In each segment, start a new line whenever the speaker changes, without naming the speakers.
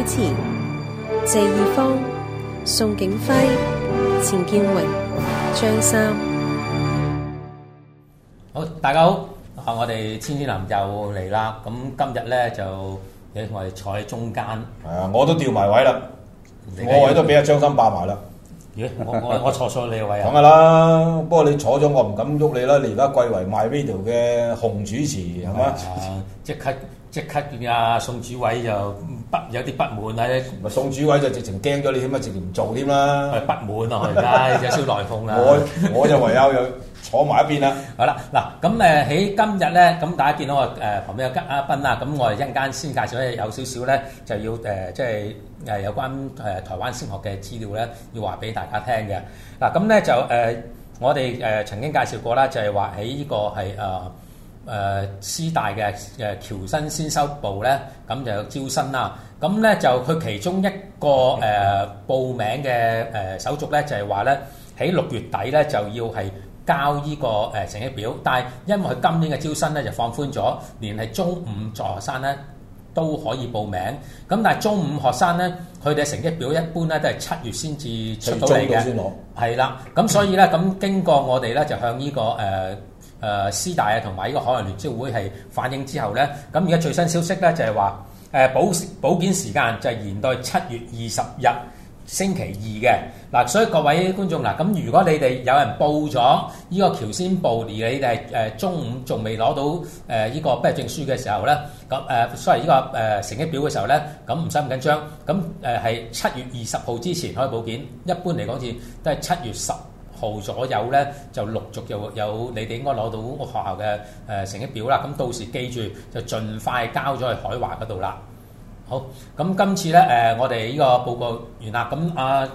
主持：謝義方、宋景輝、錢建榮、張三。好，大家好，啊，我哋天天天藍又嚟啦。咁今日咧就你同我哋坐喺中間。係啊，我都掉埋位啦，
位我位都俾阿張三霸埋啦。我
我我坐錯你位啊。梗係
啦，不過你坐咗我唔敢喐你啦。你而家貴為 MyRadio 嘅紅主持，
係嘛？即 刻即刻見啊。宋主委就不有啲不滿啊！宋主委就直情驚咗你，點啊？直情
唔做添啦！不滿啊！唉，有啲內風啦。我我就唯有有。 坐埋一邊啦。
好啦，嗱咁誒喺今日咧，咁大家見到我誒、呃、旁邊有嘉賓啦，咁我哋一陣間先介紹咧，有少少咧就要誒，即係誒有關誒台灣升學嘅資料咧，要話俾大家聽嘅。嗱咁咧就誒、呃、我哋誒、呃、曾經介紹過啦，就係話喺呢個係誒誒師大嘅誒僑生先修部咧，咁就有招生啦。咁咧就佢其中一個誒、呃、報名嘅誒、呃呃、手續咧，就係話咧喺六月底咧就要係，交呢個誒成績表，但係因為佢今年嘅招生咧就放寬咗，連係中五在學生咧都可以報名。咁但係中五學生咧，佢哋嘅成績表一般咧都係七月先至出到嚟嘅。係啦，咁、嗯、所以咧咁經過我哋咧就向呢、這個誒誒師大啊同埋呢個海洋聯招會係反映之後咧，咁而家最新消息咧就係話誒保保檢時間就係延到七月二十日。星期二嘅嗱，所以各位觀眾嗱，咁如果你哋有人報咗呢個橋先報，而你哋係誒中午仲未攞到誒呢個畢業證書嘅時候咧，咁、呃、誒，所以呢、呢個誒、呃、成績表嘅時候咧，咁唔使咁緊張，咁誒係七月二十號之前可以報件，一般嚟講好似都係七月十號左右咧就陸續有有你哋應該攞到個學校嘅誒成績表啦，咁到時記住就盡快交咗去海華嗰度啦。好，咁今次咧誒，我哋呢個報告完啦。咁阿、啊、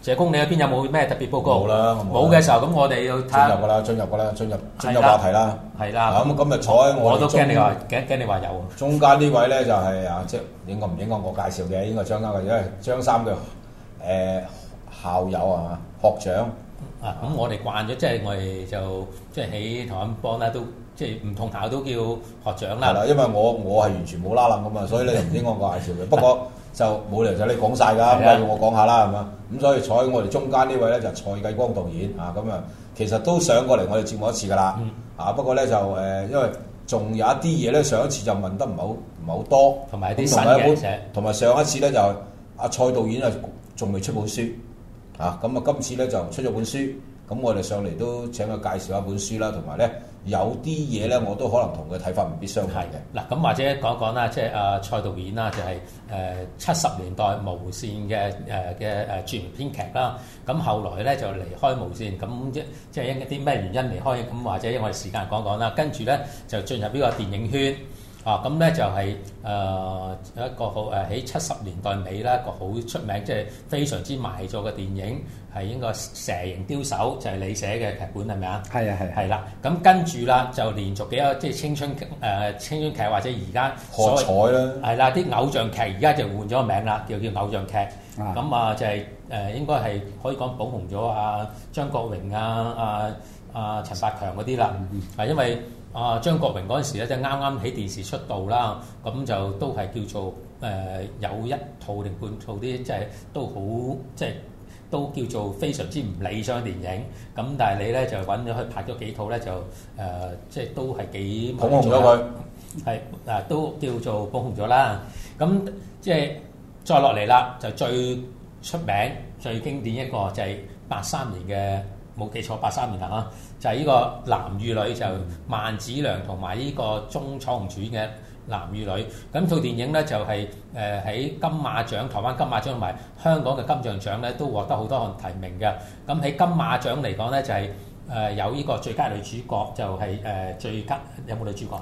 謝工，你嗰邊有冇咩特別報告？冇啦，冇。嘅時候，咁我哋要睇入噶啦，
進入噶啦，進入進入話題啦。係啦。咁、嗯、今日坐喺我都驚你話，
驚驚你話有。
中間呢位咧就係、是、啊，即係應該唔應該我介紹嘅？應該張三嘅，因為張三嘅誒校友係嘛學長。
啊，咁我哋慣咗，即、就、係、是、我哋就即係喺台灣幫啦都。即係唔同校都叫學長啦。係啦，因為我
我係完全冇拉冷㗎嘛，所以你唔應該講介紹嘅。不過就冇理由就你講晒㗎，唔係我講下啦，係嘛？咁所以坐喺我哋中間位呢位咧就是、蔡繼光導演、嗯、啊，咁啊其實都上過嚟我哋節目一次㗎啦。嗯、啊，不過咧就誒，因為仲有一啲嘢咧上一次就問得唔係好唔係好多，同埋啲新嘅嘢，同埋上一次咧就阿、啊、蔡導演啊仲未出本書啊，咁啊今次咧就出咗本書，咁、啊啊、我哋上嚟都請佢介紹一本書啦，同埋咧。有啲嘢咧，我都可能同佢睇法唔必相係嘅。
嗱，咁或者講講啦，即係阿蔡導演啦，就係誒七十年代無線嘅誒嘅誒著名編劇啦。咁後來咧就離開無線，咁即即係因一啲咩原因離開？咁或者因為時間講講啦。跟住咧就進入呢個電影圈。啊，咁咧就係誒一個好誒喺七十年代尾啦，一個好出名即係非常之賣座嘅電影，係應該蛇形刁手就係、是、你寫嘅劇本係咪啊？係啊係。係啦是、ouais.，咁跟住啦就連續幾個即係青春誒青春劇或者而家可彩啦。係啦，啲偶像劇而家就換咗個名啦，叫叫偶像劇。咁啊就係誒應該係可以講捧紅咗阿張國榮啊、阿阿陳百強嗰啲啦。啊，因、啊、為。 啊張國榮嗰陣時咧，即係啱啱喺電視出道啦，咁就都係叫做誒、呃、有一套定半套啲，即係都好即係都叫做非常之唔理想嘅電影。咁但係你咧就揾咗去拍咗幾套咧，就誒、呃、即係都係幾捧紅咗佢。係誒、啊、都叫做捧紅咗啦。咁即係再落嚟啦，就最出名、最經典一個就係八三年嘅。冇記錯，八三年啊，就係、是、呢個男與女就萬、是、梓良同埋呢個鐘楚紅主演嘅男與女，咁套電影咧就係誒喺金馬獎、台灣金馬獎同埋香港嘅金像獎咧都獲得好多項提名嘅。咁喺金馬獎嚟講咧就係、是、誒、呃、有呢個最佳女主角就係、是、誒、呃、最佳有冇女主角？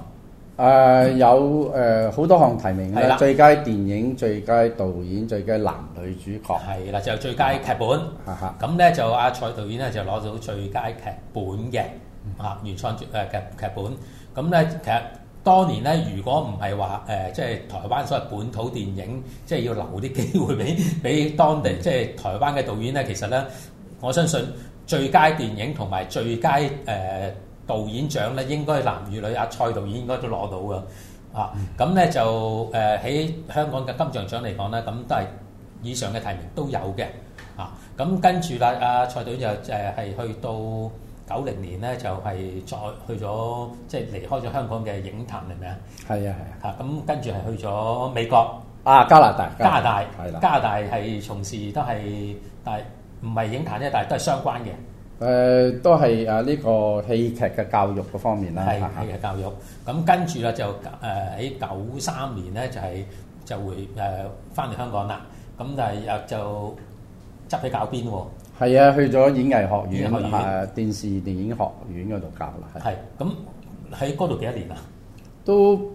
誒、呃、有誒好、呃、多項提名咧，係啦，最佳電影、最佳導演、最佳男女主角，係啦，就
最佳劇本。咁咧 就阿、啊、蔡導演咧就攞到最佳劇本嘅嚇原創誒劇、呃、劇本。咁咧其實當年咧，如果唔係話誒，即、呃、係、就是、台灣所謂本土電影，即、就、係、是、要留啲機會俾俾當地，即、就、係、是、台灣嘅導演咧，其實咧，我相信最佳電影同埋最佳誒。呃導演獎咧，應該男與女，阿蔡導演應該都攞到㗎，嗯、啊咁咧就誒喺香港嘅金像獎嚟講咧，咁都係以上嘅提名都有嘅，啊咁跟住啦，阿、啊、蔡導演就誒係去到九零年咧，就係再去咗即係離開咗香港嘅影壇，係咪啊？係啊係啊，嚇咁跟住係去咗美國啊，加拿大，加拿大係啦，加拿大係、啊、從事都係但係唔係影壇啫，但係都係相關嘅。
誒都係啊！呢個戲劇嘅教育方面啦，係係嘅教
育。咁跟住啊，就誒喺九三年咧，就係就回誒翻嚟香港啦。咁就係又就執起教鞭喎。
係啊，去咗演藝學院同埋電視電影學院嗰度教啦。係咁
喺嗰度幾多年啊？
都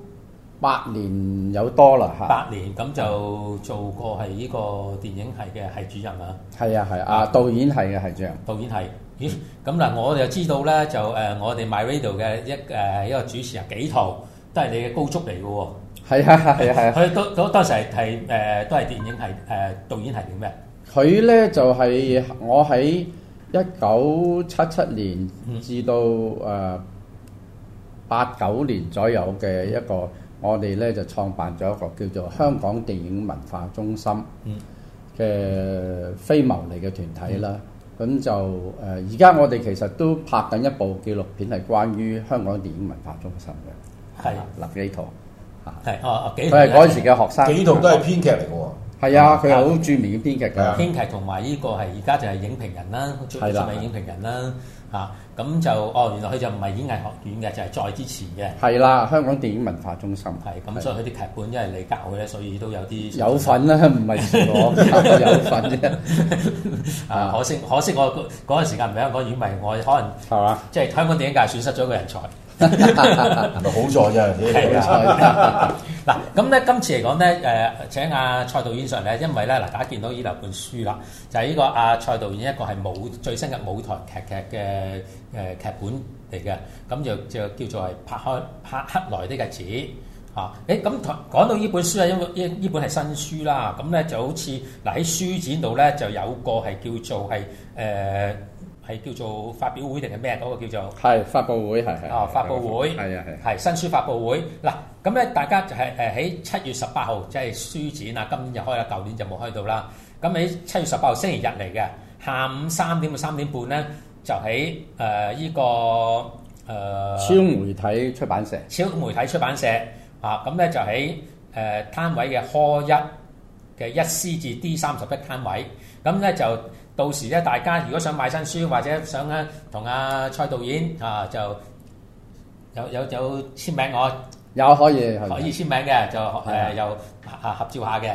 八年有多啦嚇。八
年咁就做過係呢個電影系嘅系主任啊。
係啊係啊，導演系嘅系主任。導
演系。咦？咁嗱、嗯嗯，我就知道咧，就誒我哋 MyRadio 嘅一誒一個主持人幾套都係你嘅高足嚟嘅喎。係啊，係啊，係啊、
欸。
佢當當時係誒、呃、都係電影係誒、呃、導演係點咩？
佢咧、嗯、就係、是、我喺一九七七年至到誒八九年左右嘅一個，我哋咧就創辦咗一個叫做香港電影文化中心嘅非牟利嘅團體啦。嗯嗯嗯嗯咁就誒，而家我哋其實都拍緊一部紀錄片，係關於香港電影文化中心嘅。係，林紀陶。係。哦哦，紀陶，佢係嗰陣時嘅學生。紀陶都係編劇嚟㗎喎。係啊，佢係好著名嘅編劇㗎。編劇同
埋呢個係而家就係影評人啦，係啦，係影評人啦。啊，咁就哦，原來佢就唔係演藝學院嘅，就係再之前嘅。
係啦，香港電影文化中心。係，咁所以佢
啲劇本因為你教嘅咧，所以都有啲有份啦，唔係我有份啫。啊，可惜可惜我嗰陣時間唔喺香港演藝，我可能係嘛，即係香港電影界損失咗個人才。好在
啫，
嗱，咁咧，今次嚟講咧，誒請阿蔡導演上嚟咧，因為咧嗱，大家見到呢兩本書啦，就係、是、呢個阿蔡導演一個係舞最新嘅舞台劇劇嘅誒劇本嚟嘅，咁就就叫做係拍開拍柏克萊的日子啊！誒咁講到呢本書啊，因為呢呢本係新書啦，咁咧就好似嗱，喺書展度咧就有個係叫做係誒。呃係叫做發表會定係咩嗰個叫做？
係發佈會，係係。哦，發佈會
係啊係。係新書發佈會嗱，咁咧大家就係誒喺七月十八號，即係書展啊，今年就開啦，舊年就冇開到啦。咁喺七月十八號星期日嚟嘅下午三點到三點半咧，就喺誒依個誒、呃、超媒
體出版社。
超媒體出版社，出版社啊，咁咧就喺誒、呃、攤位嘅 Hall 一嘅一 C 至 D 三十一攤位，咁咧就。到時咧，大家如果想買新書，或者想咧同阿蔡導演啊，就有有有簽名我
有可以可以
簽名嘅，的就誒、uh, 的又合照下嘅。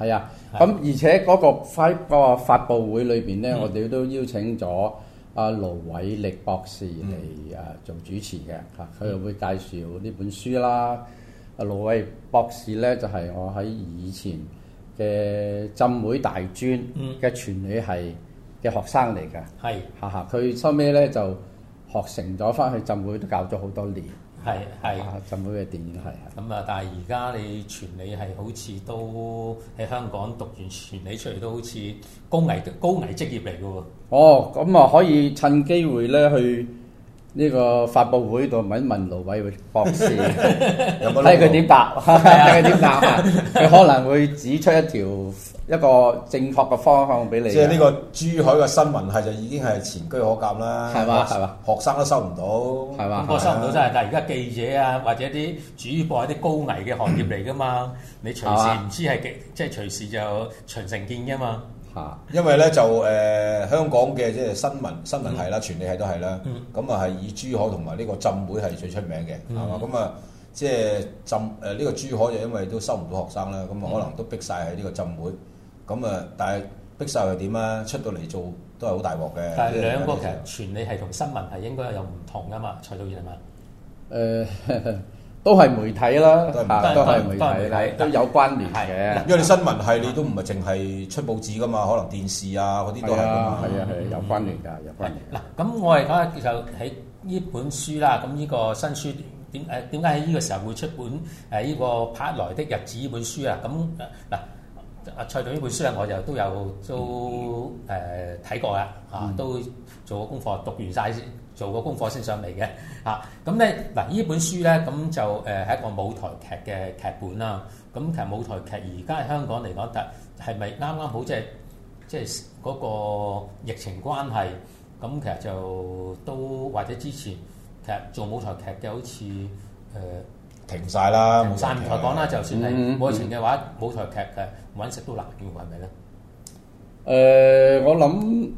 係啊，咁而且嗰個喺個發布會裏邊咧，嗯、我哋都邀請咗阿盧偉力博士嚟誒做主持嘅。嚇、嗯，佢又會介紹呢本書啦。阿、嗯嗯、盧偉博士咧，就係、是、我喺以前。誒、呃，浸會大專嘅傳理係嘅學生嚟噶，係、嗯，吓吓，佢收尾咧就學成咗，翻去浸會都教咗好多年，係係、啊、浸會嘅電影係，
咁啊、嗯，但係而家你傳理係好似都喺香港讀完傳理出嚟，都好似高危高危職業嚟噶
喎，哦，咁啊，可以趁機會咧去。呢個發佈會度問一問盧偉博士，睇佢點答，睇佢點答，佢 可能會指出一條一個正確嘅方向俾你。即係呢個
珠海嘅新聞系就已經係前車可鑑啦，係嘛嗎？係嘛？學生都收唔到，係嗎嗎嘛？我收唔到真係，但
係而家記者啊或者啲主播啲高危嘅行業嚟㗎嘛，你隨時唔知係即係隨時就巡城見㗎嘛。.
啊，因為咧就誒、呃、香港嘅即係新聞新聞系啦，傳理系都係啦，咁啊係以珠海同埋呢個浸會係最出名嘅，係嘛、嗯？咁啊即係浸誒呢、呃呢個珠海就因為都收唔到學生啦，咁啊可能都逼晒喺呢個浸會，咁啊、嗯、但係逼晒又點啊？出到嚟做都係好大鑊嘅。
但係兩個其實說傳理係同新聞係應該係有唔同噶
嘛？蔡導演係嘛？
誒、呃。 都係媒體啦，都係都係媒體，
都有關聯嘅。因為你新聞係你都唔係淨係出報紙噶嘛，可能電視啊
嗰啲都係，係啊係有關聯㗎，有關
聯。嗱，咁我係講下其實喺呢本書啦，咁呢個新書點誒點解喺呢個時候會出本誒呢個拍來的日子呢本書啊？咁嗱，阿蔡總呢本書咧，我就都有都誒睇過啦，啊都做過功課讀完晒先。做個功課先上嚟嘅嚇，咁咧嗱呢本書咧咁就誒係一個舞台劇嘅劇本啦。咁其實舞台劇而家喺香港嚟講，但係咪啱啱好即係即係嗰個疫情關係？咁其實就都或者之前其實做舞台劇嘅好似誒停
晒啦，冇晒
台講啦。就算係疫情嘅話，舞台劇嘅搵食都難嘅，係咪咧？
誒，我諗。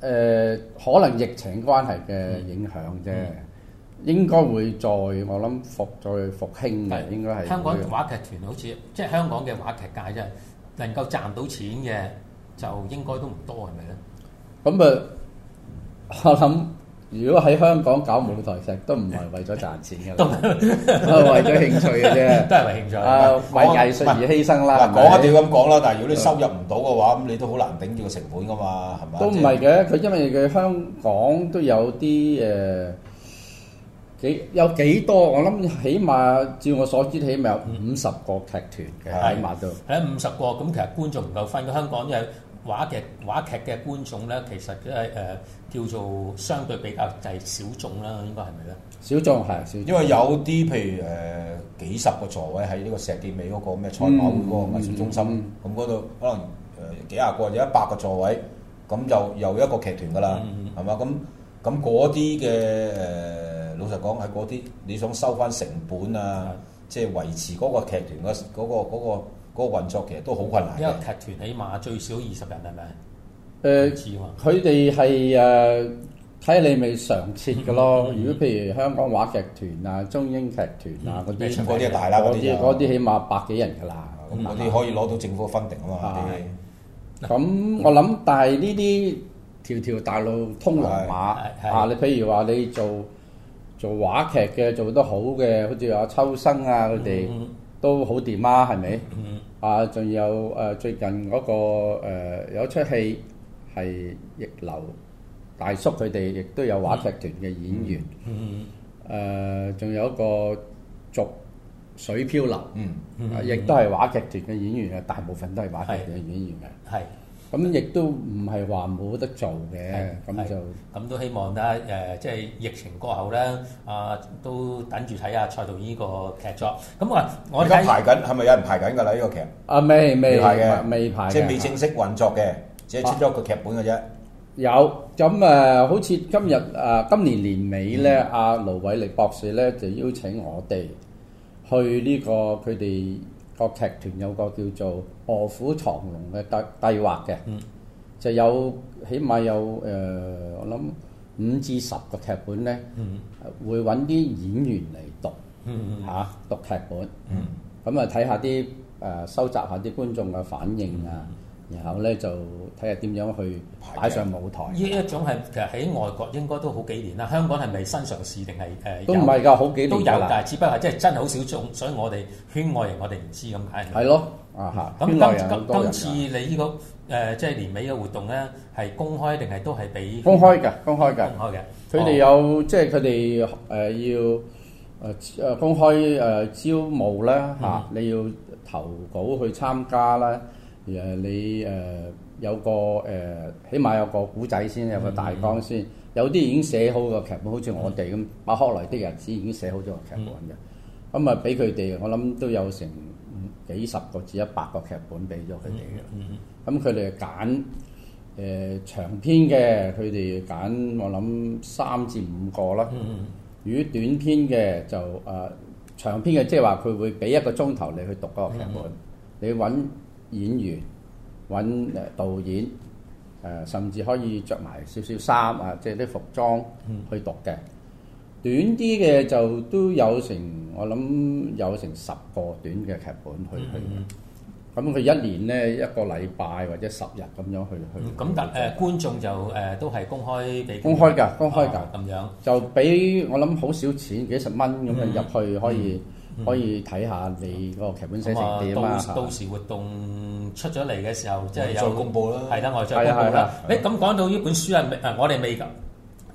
誒、呃、可能疫情關係嘅影響啫、嗯，應該會再我諗復再復興嘅，應該係香港嘅話
劇團好似，即係香港嘅話劇界啫，能夠賺到錢嘅就應該都唔多，係咪咧？咁
啊、嗯呃，我諗。如果喺香港搞舞台劇，都唔係為咗賺錢嘅，都係為咗興趣嘅啫，都係為興趣啊，為藝術而犧牲啦。講一定要咁講啦，但係如果你
收入唔到嘅話，咁你都好難頂住個成本噶嘛，係嘛？都唔係
嘅，佢因為佢香港都有啲誒幾有幾多，我諗起碼照我所知，起碼有五十個劇團嘅，起碼都。
係五十個咁，其實觀眾唔夠分嘅香港又。話劇話劇嘅觀眾咧，其實咧誒、呃、叫做相對比較就係小眾啦，應該係咪咧？
小眾係，因為有啲譬如誒、呃、幾十個座位喺呢個石硤尾嗰個咩賽馬會嗰個藝術中心，咁嗰度可能誒幾廿個或者一百個座位，咁就又一個劇團噶啦，係嘛、嗯？咁咁嗰啲嘅誒，老實講係嗰啲你想收翻成本啊，即係維持嗰個劇團嗰嗰個。個運作其實都好困難，因為劇團起碼最少二十人係咪？
誒，佢哋係誒睇你咪常設嘅咯。嗯嗯嗯，如果譬如香港話劇團啊、中英劇團啊嗰啲，嗰啲就大啦。嗰啲嗰啲起碼百幾人㗎啦。咁嗰啲可以攞
到政府分定啊嘛
啲。咁、嗯嗯嗯、我諗，但係呢啲條條大路通羅馬啊！你譬如話你做做話劇嘅，做得好嘅，好似阿秋生啊佢哋。嗯嗯嗯都好掂啊，係咪？啊，仲有誒、呃、最近嗰、那個誒、呃、有一出戲係逆流大叔，佢哋亦都有話劇團嘅演員，誒仲、嗯呃、有一個濁水漂流，嗯嗯、啊，亦都係話劇團嘅演員啊，大部分都係話劇團嘅演員嘅。咁亦都唔係話冇得做嘅，咁的就
咁都希望咧誒、呃，即係疫情過後咧，啊、呃、都等住睇下蔡導呢個劇作。咁、嗯、啊，我而家排緊
係咪有人排緊㗎啦？呢、這個劇啊未未排嘅，未排即係未正式運作嘅，即係、啊、出咗個劇本嘅啫。
有咁誒、啊，好似今日啊，今年年尾咧，阿、嗯啊、盧偉力博士咧就邀請我哋去呢、這個佢哋，個劇團有個叫做《臥虎藏龍》嘅計計劃嘅，嗯、就有起碼有誒、呃，我諗五至十個劇本咧，嗯、會揾啲演員嚟讀吓、嗯嗯啊、讀劇本，咁、嗯、啊睇下啲誒收集一下啲觀眾嘅反應啊。嗯嗯嗯然後咧就睇下點樣去擺上舞台。呢
一種係其實喺外國應該都好幾年啦。香港係咪新上市定係誒？呃、都唔係㗎，好幾年都有，但係只不過係即係真係好少種，所以我哋圈外人我哋唔知咁解。係咯
的，啊、嗯，圈外人咁多。今次
你呢、呢個誒即係年尾嘅活動咧，係公開定係都係俾公
開㗎，公開㗎、即係呃呃，公開嘅。佢哋有即係佢哋誒要誒誒公開誒招募啦嚇，你要投稿去參加啦。誒你誒、呃、有個誒、呃，起碼有個古仔先，有個大綱先。Mm hmm. 有啲已經寫好個劇本，好似我哋咁，柏克、mm hmm. 萊啲日子已經寫好咗個劇本嘅。咁啊、mm，俾佢哋，我諗都有成幾十個至一百個劇本俾咗佢哋嘅。咁佢哋揀誒長篇嘅，佢哋揀我諗三至五個啦。Mm hmm. 如果短篇嘅就誒、啊，長篇嘅即係話佢會俾一個鐘頭你去讀嗰個劇本，mm hmm. 你揾。演員揾誒導演誒、呃，甚至可以着埋少少衫啊，即係啲服裝去讀嘅。短啲嘅就都有成，我諗有成十個短嘅劇本去去。咁佢、嗯嗯嗯嗯、一年咧一個禮拜或者十日咁樣去去。咁、嗯
嗯、但誒、呃、觀眾就誒、呃、都係公開俾公開㗎，公開㗎咁、啊、樣
就俾我諗好少錢，幾十蚊咁樣啊入去可以可以睇下你嗰個劇本寫、嗯、到到
時活動出咗嚟嘅時候，即係有公佈咯。係啦，我再公佈啦。誒，咁講、嗯、到呢本書啊，誒，我哋未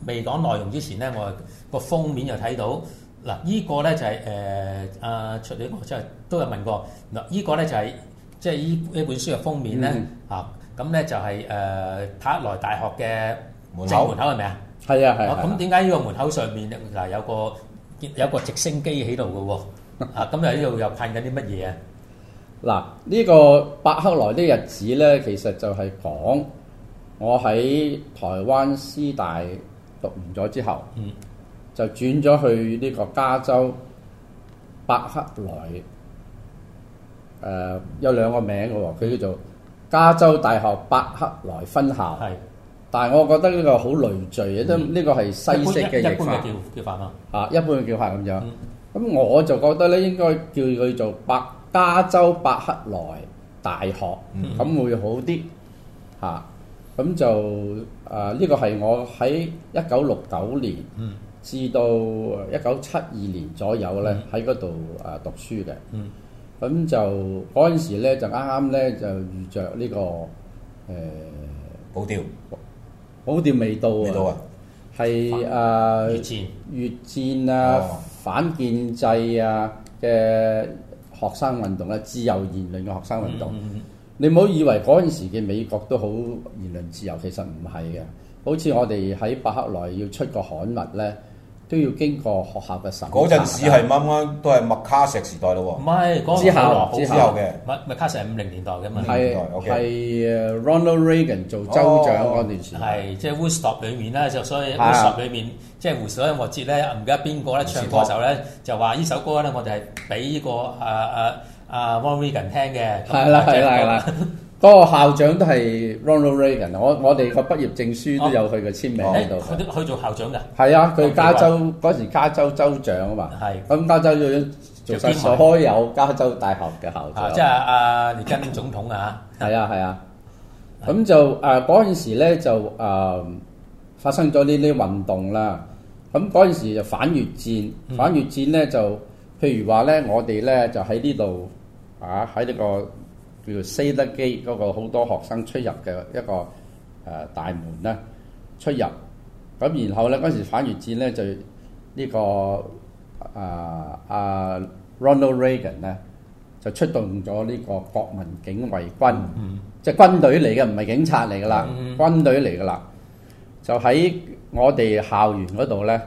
未講內容之前咧，我個封面又睇到嗱，呢、這個咧就係、是、誒，阿卓即係都有問過嗱，依、這個咧就係即係依一本書嘅封面咧、嗯、啊，咁咧就係、是、誒、呃，柏克萊大學嘅門口，門口係咪啊？係啊係，咁點解呢個門口上面嗱有個有個直升機喺度嘅喎？啊！今日呢度又拍緊啲乜嘢啊？
嗱，呢、這個柏克萊的日子咧，其實就係講我喺台灣師大讀完咗之後，嗯、就轉咗去呢個加州柏克萊。誒、呃，有兩個名嘅，佢叫做加州大學柏克萊分校。係是，但係我覺得呢個好累贅，都呢、嗯、個係西式嘅譯法。嗯、一般嘅叫叫法嘛。啊，一般嘅叫法咁樣。嗯咁我就覺得咧，應該叫佢做白加州柏克萊大學，咁、嗯、會好啲嚇。咁、啊、就誒呢、啊這個係我喺一九六九年、嗯、至到一九七二年左右咧，喺嗰度誒讀書嘅。咁、嗯、就嗰陣時咧，就啱啱咧就遇着呢、這個誒、呃、保釣釣，保釣未到啊！係誒、呃、越戰啊，越戰哦、反建制啊嘅學生運動啊，自由言論嘅學生運動。嗯嗯，你唔好以為嗰陣時嘅美國都好言論自由，其實唔係嘅。好似我哋喺柏克萊要出個刊物咧。都要經過學校嘅審查。嗰陣時係啱
啱都係麥卡錫時代咯喎。唔係、啊，時之
後之後嘅
麥麥卡錫係五零年代嘅嘛。年代。是 OK，係
Ronald Reagan 做州長嗰段時間。係即
係 Woodstock 裏面咧，就是、裡所以 Woodstock 裏面、啊、即係胡士託音樂節咧，唔記得邊個咧？唱歌手咧就話呢首歌咧、這個，我哋係俾呢個誒誒誒 Ronald Reagan 聽嘅。係啦係啦係啦。
嗰個校長都係 Ronald Reagan，我我哋個畢業證書都有佢嘅簽名喺度。
佢、啊欸、做校長㗎？
係啊，佢加州嗰 Okay. 時加州州長、嗯、啊嘛。係。咁加州做晒所有加州大學嘅校長。啊、即係
列根總統啊。
係啊係啊。咁、啊、就誒嗰陣時咧就誒、啊、發生咗呢啲運動啦。咁嗰陣時就反越戰，嗯、反越戰咧就譬如話咧，我哋咧就喺呢度啊喺呢、這個。叫做 Sather Gate 嗰個好多學生出入嘅一個誒、呃、大門咧出入，咁然後咧陣時反越戰咧就呢、呢個誒阿、呃啊、Ronald Reagan 咧就出動咗呢個國民警衛軍，即係、嗯、軍隊嚟嘅，唔係警察嚟噶啦，嗯、軍隊嚟噶啦，就喺我哋校園嗰度咧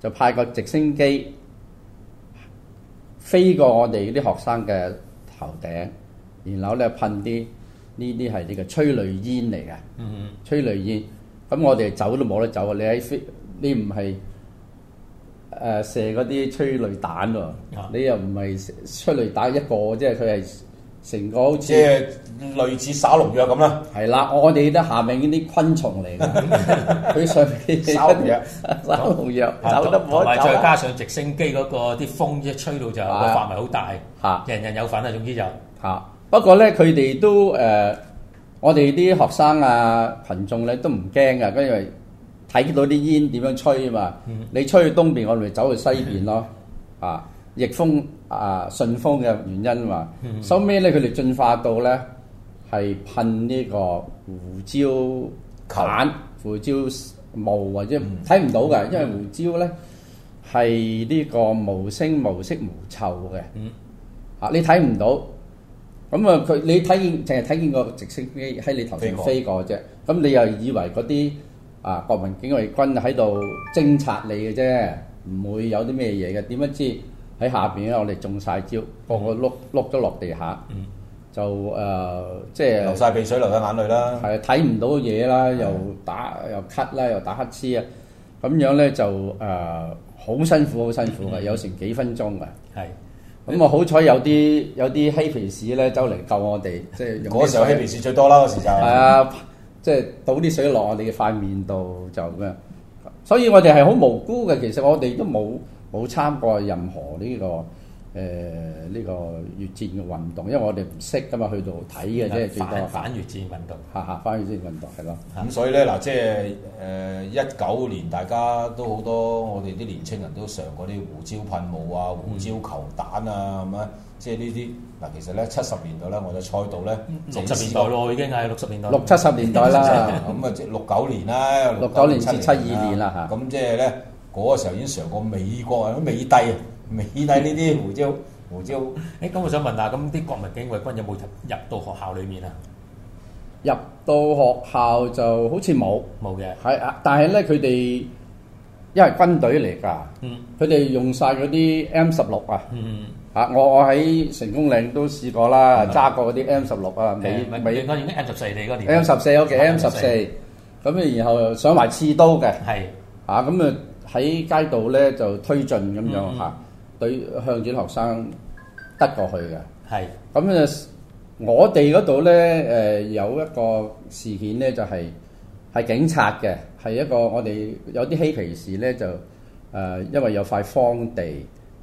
就派個直升機飛過我哋啲學生嘅頭頂。然後咧噴啲呢啲係呢個催淚煙嚟嘅，嗯嗯，催淚煙，咁我哋走都冇得走啊！你喺飛，你唔係誒射嗰啲催淚彈喎，你又唔係催淚彈一個，即係佢係成個好似即係類似灑農藥咁啦。係啦，我哋得下面嗰啲昆蟲嚟嘅，佢 上面啲藥，灑農龍藥，灑、嗯、得冇得走。再加
上直升機嗰個啲風一吹到就個範圍好大，嚇、啊啊！人人有份啊，總之就
嚇。啊啊不過咧，佢哋都誒、呃，我哋啲學生啊，群眾咧都唔驚噶，跟住睇到啲煙點樣吹啊嘛。嗯、你吹去東邊，我哋咪走去西邊咯。嗯、啊，逆風啊，順風嘅原因嘛。收尾咧，佢哋進化到咧係噴呢個胡椒粉、胡椒霧或者睇唔到嘅，嗯嗯、因為胡椒咧係呢個無聲無色無臭嘅。啊、嗯，你睇唔到。咁啊，佢、嗯、你睇見淨係睇見個直升機喺你頭上飛過啫，咁過你又以為嗰啲啊國民警衛軍喺度偵察你嘅啫，唔會有啲咩嘢嘅。點樣知喺下邊咧，我哋中晒招，嗯、個個碌碌咗落地下，嗯、就誒、呃、即係流晒鼻水、流曬眼淚啦。係睇唔到嘢啦，又打、嗯、又咳啦，又打乞嗤啊，咁樣咧就誒好、呃、辛苦、好辛苦嘅，有成幾分鐘嘅。係。咁啊，好彩有啲有啲嬉皮士咧，走嚟救我哋，即係嗰 候嬉皮士最多啦，嗰時就係、是、 啊，即係倒啲水落我哋嘅塊面度，就咁樣，所以我哋係好無辜嘅。其實我哋都冇冇參過任何呢、這個。誒呢、呃呢個越戰嘅運動，因為我哋唔識噶嘛，去到睇嘅即係反多反越戰運動嚇嚇， 反越戰運動係咯。咁 所以咧嗱，即係誒
一九年，大家都好多我哋啲年青人都嘗過啲胡椒噴霧啊、胡椒球彈啊，咁啊，即係呢啲嗱，其實咧七十年代咧，我就賽道咧六十年代咯，已經係六十年代六七十年代啦。咁 啊，六九年啦，六九年至七二年啦、啊，嚇。 咁即係咧嗰個時候已經嘗過
美國啊，美帝、啊。
美帝呢啲
胡椒，胡椒，哎、欸，咁我想
問下，咁啲
國民警衛軍有冇入到學校裏面啊？
入到學校就好似冇，冇、嗯、嘅，係啊，但係咧佢哋，因為軍隊嚟㗎，16, 嗯，佢哋用晒嗰啲 M 十六啊，嗯，啊，我我喺成功嶺都試過啦，揸的過嗰啲 M 十六啊，未未米米應
該已經 M 十四嚟㗎，M 十四 OK M 十四，
咁然後上埋刺刀嘅，係的，啊、嗯，咁啊喺街道咧就推進咁樣嚇。佢向住學生得過去嘅是的，係咁啊！我哋嗰度咧誒有一個事件咧，就係、是、係警察嘅，係一個我哋有啲稀奇事咧，就誒、呃、因為有塊荒地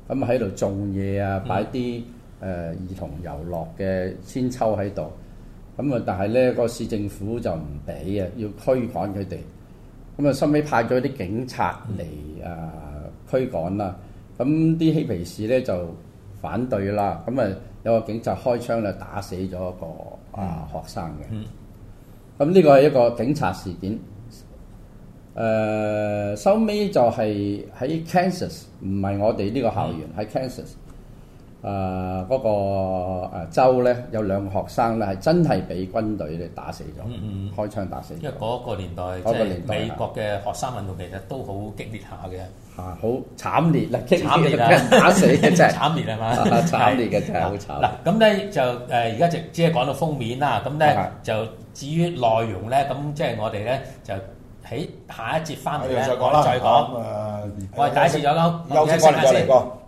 咁喺度種嘢啊，擺啲誒、嗯呃、兒童遊樂嘅韆鞦喺度，咁啊，但係咧個市政府就唔俾啊，要驅趕佢哋，咁、呃、啊，收尾派咗啲警察嚟誒、呃、驅趕啦。咁啲嬉皮士咧就反對啦，咁啊有個警察開槍就打死咗一個啊學生嘅，咁呢、嗯、個係一個警察事件。誒收尾就係喺 Kansas，唔係我哋呢個校園喺 Kansas。嗯誒嗰個誒州咧，有兩個學生咧，係真係俾軍隊咧打死咗，開槍打死。因為
嗰個年代，嗰個年代，即係美國嘅學生運動，其實都好激烈下嘅。嚇！好慘
烈啦，慘烈啊！打死嘅真係慘烈啊嘛！慘烈嘅真係好慘。嗱
咁咧就誒，而家就只係講到封面啦。咁咧就至於內容咧，咁即係我哋咧就喺下一節翻嚟咧再講啦。再講。
我哋介紹咗啦，休息翻先。